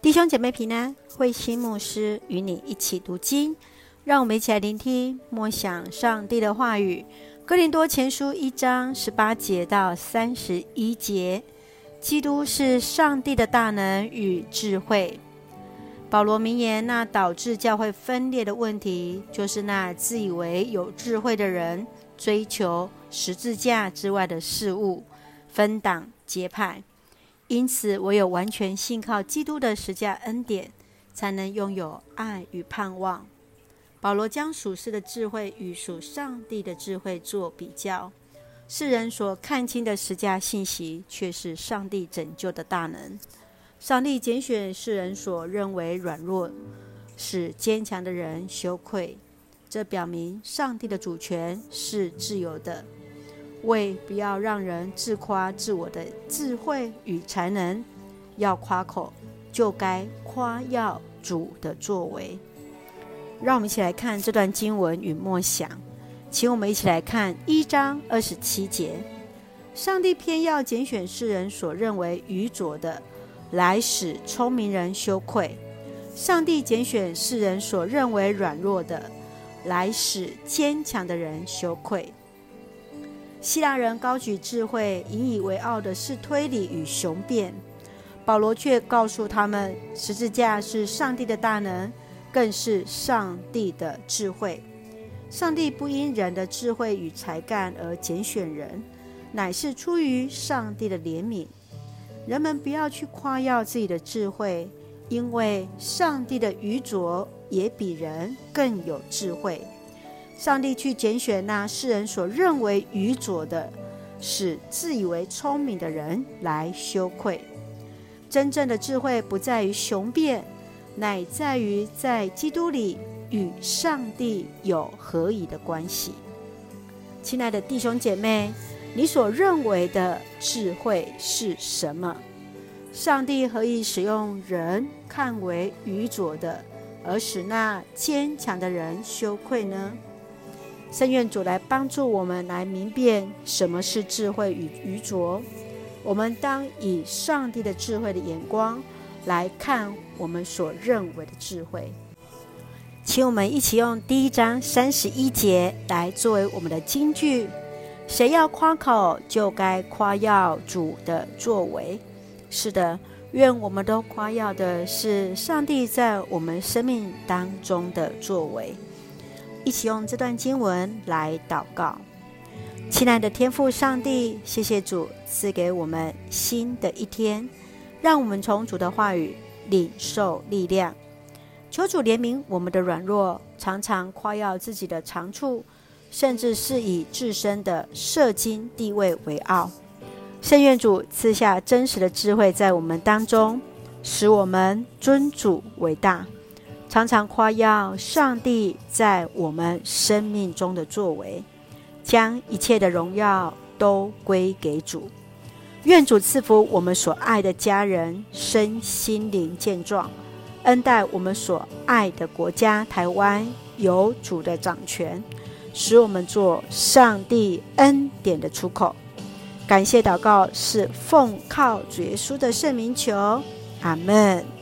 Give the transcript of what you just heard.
弟兄姐妹平安，慧馨牧師與你一起讀經，讓我們一起來聆聽默想上帝的話語。哥林多前書一章十八節到三十一節，基督是上帝的大能與智慧。保羅明言：那導致教會分裂的問題，就是那自以為有智慧的人，追求十字架之外的事物，分黨結派。因此，唯有完全信靠基督的十架恩典，才能擁有愛與盼望。保羅將屬世的智慧與屬上帝的智慧做比較，世人所看輕的十架信息，卻是上帝拯救的大能。上帝揀選世人所認為軟弱，使堅強的人羞愧。這表明上帝的主權是自由的。為不要讓人自誇自我的智慧與才能，要誇口，就該誇耀主的作為。讓我們一起來看這段經文與默想，請我們一起來看一章二十七節：上帝偏要揀選世人所認為愚拙的，來使聰明人羞愧；上帝揀選世人所認為軟弱的，來使堅強的人羞愧。希臘人高舉智慧，引以為傲的是推理與雄辯。保羅卻告訴他們，十字架是上帝的大能，更是上帝的智慧。上帝不因人的智慧與才幹而揀選人，乃是出於上帝的憐憫。人們不要去誇耀自己的智慧，因為上帝的愚拙也比人更有智慧。上帝去揀選那世人所認為愚拙的，使自以為聰明的人來羞愧。真正的智慧不在於雄辯，乃在於在基督裡與上帝有合宜的關係。親愛的弟兄姐妹，你所認為的智慧是什麼？上帝何以使用人看為愚拙的，而使那堅強的人羞愧呢？甚願主來幫助我們來明辨什麼是智慧與愚拙。我們當以上帝的智慧的眼光來看我們所認為的智慧。請我們一起用第一章三十一節來作為我們的金句：誰要誇口，就該誇耀主的作為。是的，願我們都誇耀的是上帝在我們生命當中的作為。一起用這段經文來禱告，親愛的天父上帝，謝謝主賜給我們新的一天，讓我們從主的話語領受力量，求主憐憫我們的軟弱，常常誇耀自己的長處，甚至是以自身的社經地位為傲。甚願主賜下真實的智慧在我們當中，使我們尊主為大。常常誇耀上帝在我們生命中的作為，將一切的榮耀都歸給主。願主賜福我們所愛的家人身心靈健壯，恩待我們所愛的國家台灣有主的掌權，使我們做上帝恩典的出口。感謝禱告是奉靠主耶穌的聖名求，阿門。